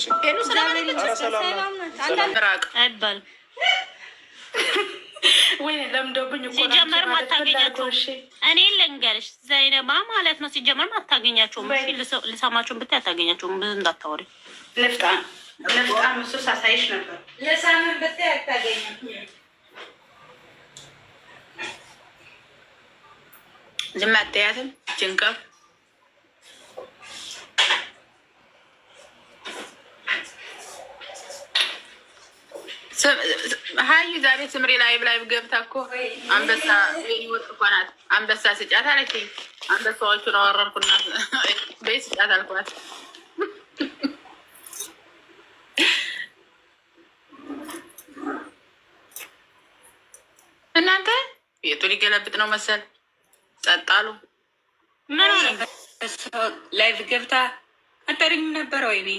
ሲጀመር አታገኛቸውም። እኔ ልንገርሽ ዘይነባ ማለት ነው። ሲጀመር አታገኛቸውም። ልሰማቸውን ብታይ አታገኛቸውም። ብዙ እንዳታወሪ ልፍጣ ልፍጣ ሳሳይሽ ነበር ለሳምን ብታይ አታገኛም። ዝም አትያትም ጭንቀብ ሀዩ ዛሬ ስምሪ ላይብ ላይብ ገብታ እኮ አንበሳ ወጥ እኮ ናት። አንበሳ ስጫት አለች። አንበሳዎቹን አወረርኩና በይ ስጫት አልኳት። እናንተ ቤቱ ሊገለብጥ ነው መሰል ጸጣሉ። ምን ላይቭ ገብታ አጠሪኝ ነበረ ወይኔ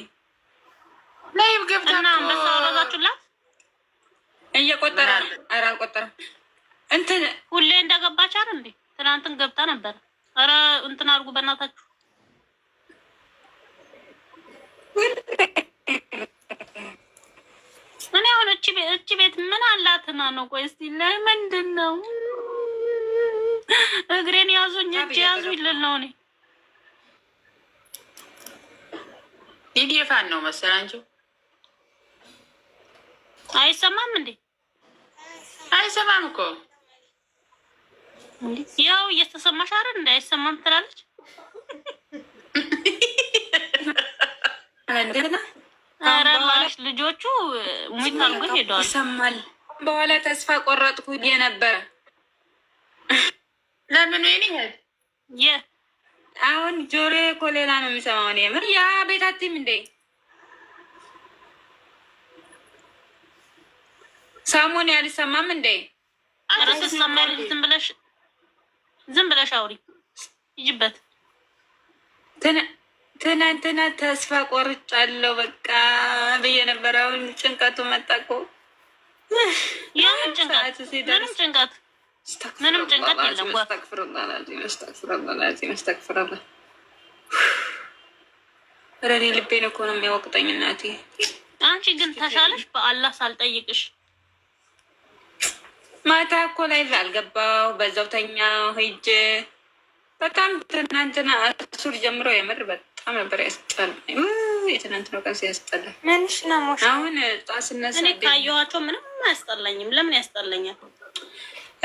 ላይቭ ገብታ አንበሳ አወረዛችሁላት እየቆጠረ ነው። ኧረ አልቆጠረም። እንትን ሁሌ እንደገባች አይደል እንዴ? ትናንትን ገብታ ነበር። ኧረ እንትን አድርጉ በእናታችሁ። እኔ አሁን ቤት ምን አላትና ነው? ቆይ እስኪ ነው እግሬን ያዙኝ፣ እጅ ነው እኔ ነው መሰል አንቺው አይሰማም እንዴ? አይሰማም እኮ ያው እየተሰማሽ አይደል? እንደ አይሰማም ትላለች። ኧረ ልጆቹ ሙት አድርጎ ሄደዋል። ይሰማል። በኋላ ተስፋ ቆረጥኩ የነበረ ለምን ወይን ይሄድ ወይ አሁን ጆሮዬ እኮ ሌላ ነው የሚሰማው። የምር ያ ቤታቲም እንዴ ሳሙን ያልሰማም እንዴ? አትሰማ ዝም ብለሽ ዝም ብለሽ አውሪ ይጅበት። ትናንትና ተስፋ ቆርጫለሁ በቃ ብዬ ነበር። አሁን ጭንቀቱ መጣ እኮ። ምንም ጭንቀት ምንም ጭንቀት የለም። ረኔ ልቤን እኮ ነው የሚያወቅጠኝ እናቴ። አንቺ ግን ተሻለሽ በአላህ ሳልጠይቅሽ ማታ እኮ ላይ አልገባው በዛው ተኛ ሂጅ። በጣም ትናንትና አሱር ጀምሮ የምር በጣም ነበር ያስጠላኝ። የትናንትናው ቀን ሲያስጠላኝ ምንሽ ነው? አሁን ጣስነት እኔ ካየኋቸው ምንም አያስጠላኝም። ለምን ያስጠላኛል?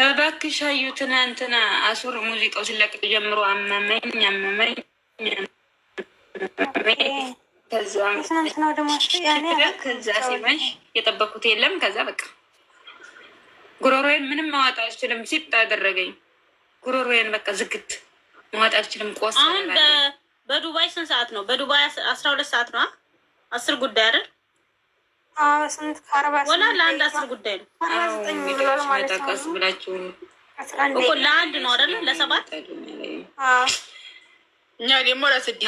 እባክሽ አዩ፣ ትናንትና አሱር ሙዚቃው ሲለቅ ጀምሮ አመመኝ አመመኝ። ከዛ ሲመሽ የጠበኩት የለም። ከዛ በቃ ጉሮሮዬን ምንም ማዋጣ አልችልም። ሲጥ አደረገኝ ጉሮሮዬን በቃ ዝግት ማዋጣ አልችልም። ቆስ አሁን በዱባይ ስንት ሰዓት ነው? በዱባይ አስራ ሁለት ሰዓት ነው። አስር ጉዳይ አይደል? ስንት ወላ ለአንድ አስር ጉዳይ ነው። ጠቀስ እኮ ለአንድ ነው አይደለ? ለሰባት እኛ ደግሞ ለስድስት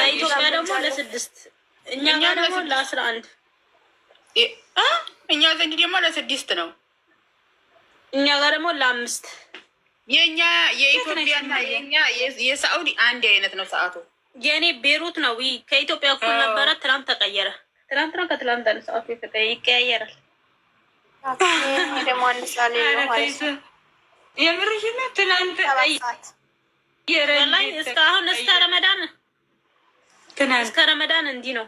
በኢትዮጵያ ደግሞ ለስድስት እኛ ደግሞ ለአስራ አንድ እኛ ዘንድ ደግሞ ለስድስት ነው። እኛ ጋር ደግሞ ለአምስት። የእኛ የኢትዮጵያና የሳኡዲ የሳዑዲ አንድ አይነት ነው ሰዓቱ። የእኔ ቤሩት ነው። ከኢትዮጵያ እኩል ነበረ፣ ትናንት ተቀየረ። ትናንት ነው ከትናንት ነው ሰዓቱ ይቀያየራል። ደግሞ የምርሽነ ትናንት እስካሁን እስከ ረመዳን እስከ ረመዳን እንዲህ ነው።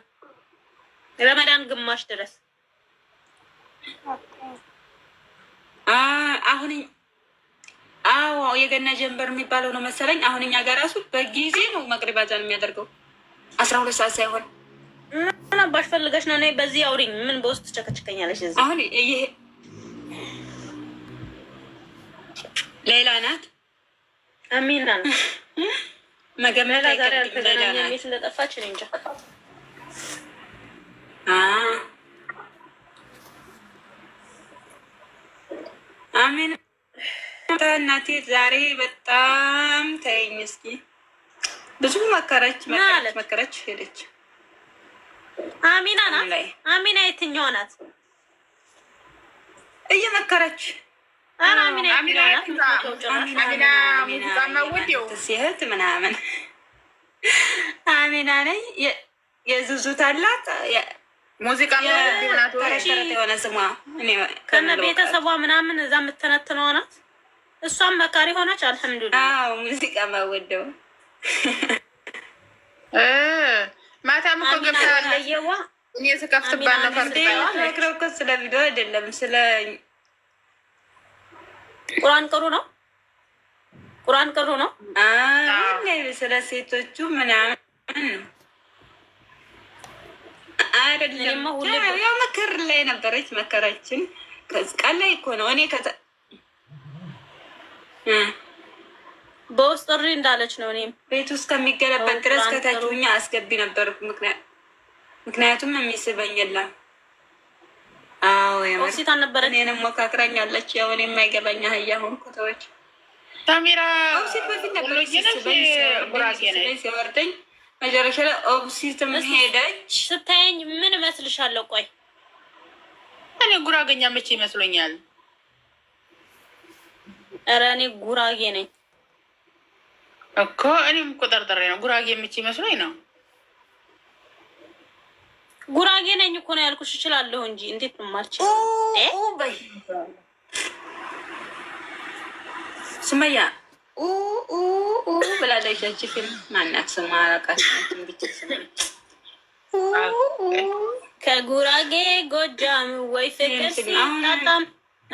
ረመዳን ግማሽ ድረስ አሁን አዎ የገና ጀንበር የሚባለው ነው መሰለኝ። አሁን እኛ ጋር ራሱ በጊዜ ነው መቅሪብ አዛን የሚያደርገው አስራ ሁለት ሰዓት ሳይሆን ምን አባሽ ፈልገሽ ነው? እኔ በዚህ አውሪኝ። ምን በውስጥ ቸከችከኛለች? እዚህ አሁን ይሄ ሌላ ናት። አሚና መገመላ ዛሬ አልተገናኘ ስለጠፋች እንጃ አሜን። እናቴ ዛሬ በጣም ተይኝ። እስኪ ብዙ መከረች መከረች ሄደች። አሚና ናት። አሚና የትኛዋ ናት? እየመከረች ሲህት ምናምን አሚና ነኝ የዙዙት አላት ሙዚቃ የሆነ ስሟ ከነ ቤተሰቧ ምናምን እዛ የምትነትነው ናት። እሷም መካሪ ሆነች። አልሐምዱሊላህ ሙዚቃ ማወደው ማታም እኮ ገብታለየዋ እኔ ስከፍትባት ነው እኮ ስለ ቪዲዮ አይደለም ስለ ቁርአን ቅሩ ነው። ቁርአን ቅሩ ነው ስለ ሴቶቹ ምናምን አይደለም ያው መከር ላይ ነበረች መከራችን። ላይ እኮ ነው እኔ በውስጥ ጥሪ እንዳለች ነው። እኔም ቤት ድረስ አስገቢ ነበር። ምክንያቱም የሚስበኝ የለም። እኔንም ሞካክረኛለች። ያው እኔ የማይገባኝ አህያ ሆንኩ። ተወች ታሚራ ሴት በፊት ነበረች ሲወርደኝ መጨረሻ ላይ ኦብሲትም ሄደች። ስታየኝ ምን እመስልሻለሁ? ቆይ እኔ ጉራገኛ መቼ ይመስሎኛል? ኧረ እኔ ጉራጌ ነኝ እኮ። እኔም እኮ ነው። ጉራጌ መቼ ይመስሎኝ ነው? ጉራጌ ነኝ እኮ ነው ያልኩሽ። እችላለሁ እንጂ እንዴት ነው ማልች? ሱመያ ብላለች። ያቺ ፊልም ማናት አላውቃትም ከጉራጌ ጎጃም ወይ ፍቅር ሲጣጣም።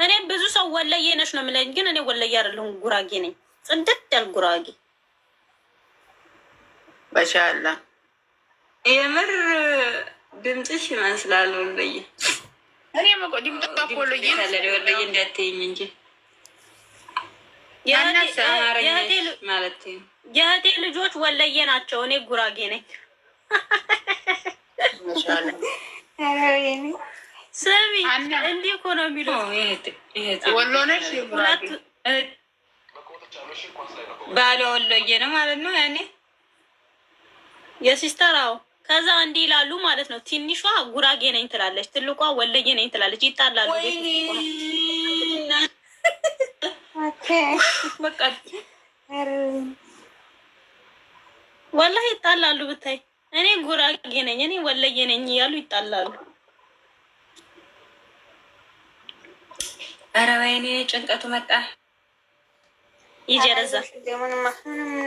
እኔ ብዙ ሰው ወለዬ ነሽ ነው የምለኝ፣ ግን እኔ ወለዬ አይደለሁም ጉራጌ ነኝ። ጽድት ያል ጉራጌ በሻላ የምር ድምፅሽ ይመስላል እኔ ድምፅ እንዳትይኝ እንጂ የእህቴ ልጆች ወለየ ናቸው። እኔ ጉራጌ ነኝ። ስሚ እንዲህ እኮ ነው የሚሉት። ወሎ ነሽ? ባለ ወሎዬ ነው ማለት ነው። ያኔ የሲስተራው ከዛ እንዲህ ይላሉ ማለት ነው። ትንሿ ጉራጌ ነኝ ትላለች፣ ትልቋ ወለየ ነኝ ትላለች። ይጣላሉ። ወላሂ ይጣላሉ ብታይ። እኔ ጉራጌ ነኝ እኔ ወለዬ ነኝ እያሉ ይጣላሉ። ኧረ ወይኔ ጭንቀቱ መጣ። ይጀረዛል። ምንም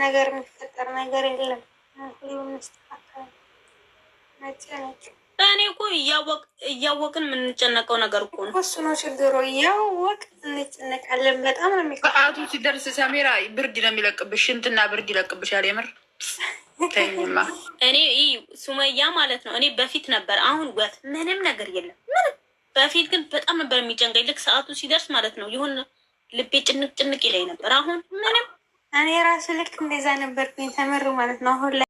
ነገር የሚፈጠር ነገር የለም። ሁሉም እኔ እኮ እያወቅን የምንጨነቀው ነገር እኮ ነው። እሱ ነው ችግሩ። እያወቅ እንጨነቃለን። በጣም ነው የሚ ሰዓቱ ሲደርስ ሰሜራ ብርድ ነው የሚለቅብሽ፣ ሽንትና ብርድ ይለቅብሻል። የምር ተኝማ። እኔ ሱመያ ማለት ነው እኔ በፊት ነበር፣ አሁን ወት ምንም ነገር የለም ምንም። በፊት ግን በጣም ነበር የሚጨንቀኝ። ልክ ሰዓቱ ሲደርስ ማለት ነው ይሁን ልቤ ጭንቅ ጭንቅ ይለኝ ነበር። አሁን ምንም እኔ ራሱ ልክ እንደዛ ነበርኩኝ። ተምር ማለት ነው አሁን